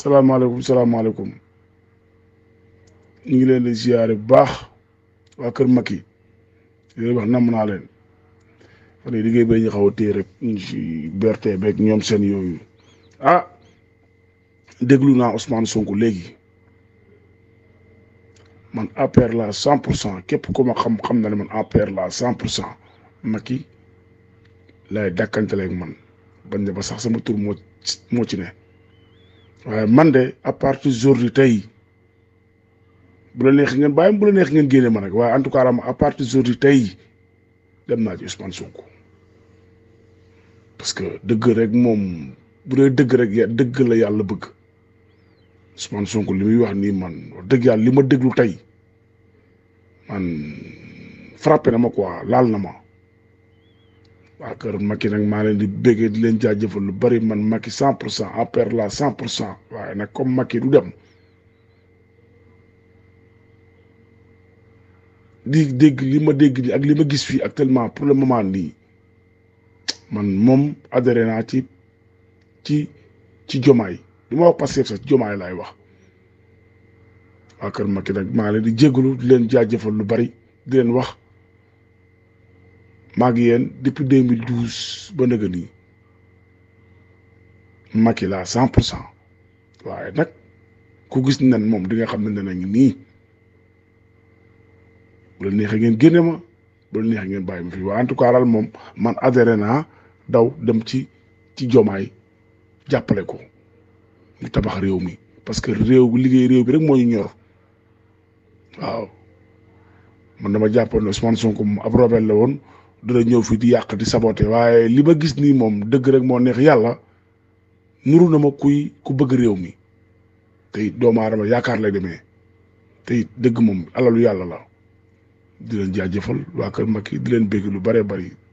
salaamaaleykum salaamaaleykum ñu ngi leen di ziyaare bu baax waa Kër Macky yooyu wax namm naa leen fan yii liggéey ba ñu xaw a téye rek ñu ci berté beeg ñoom seen yooyu ah déglu naa Ousmane Sonko léegi man APR la cent pour cent képp ku ma xam xam na ne man APR la cent pour cent Macky laay dàkkanteleeg man bañ ne ba sax sama tur moo moo ci ne. waaye euh, man de à partir jour bi tey bu la neex ngeen bàyyi bu la neex ngeen génne ma nag waaye en tout cas à partir jour bi tey dem naa ci Ousmane Sonko parce que dëgg rek moom bu dee dëgg rek dëgg la yàlla bëgg Ousmane Sonko li muy wax nii man dëgg yàlla li ma déglu tey man frappé na ma quoi laal na ma. waa kër Macky nag maa leen di béggee di len jaajëfal lu bari man Macky cent pour cent la cent pour cent waaye nag comme Macky du dem di dégg li ma di li ak li ma gis fii actuellement pour le moment nii man mom adhéré naa ci ci ci jomaay li ma wax Pastef sax jomaay laay wax waa kër Macky nag maa leen di jégalu di len jaajëfal lu bari di len wax maa ngi depuis 2012 ba nëgë ni maki la 100% pour nak ku gis nan mom di nga xam ne ngi ni bu la ngeen gene ma bu la ngeen bàyyi fi fii en tout cas ral mom man adhéré daw dem ci ci jomay jappale ko ni tabax rew mi parce que rew bu liggéey rew bi rek moy ñor waaw man dama jappal no sponsor ko moom ab robel la won dana ñëw fii di yàq di saboté waaye li ma gis nii moom dëgg rek moo neex yàlla nuru na ma kuy ku bëgg réew mi te it doomu aadama yaakaar lay demee te it dëgg moom alalu yàlla la di leen jaajëfal waa kër Macky di leen bégg lu bare bari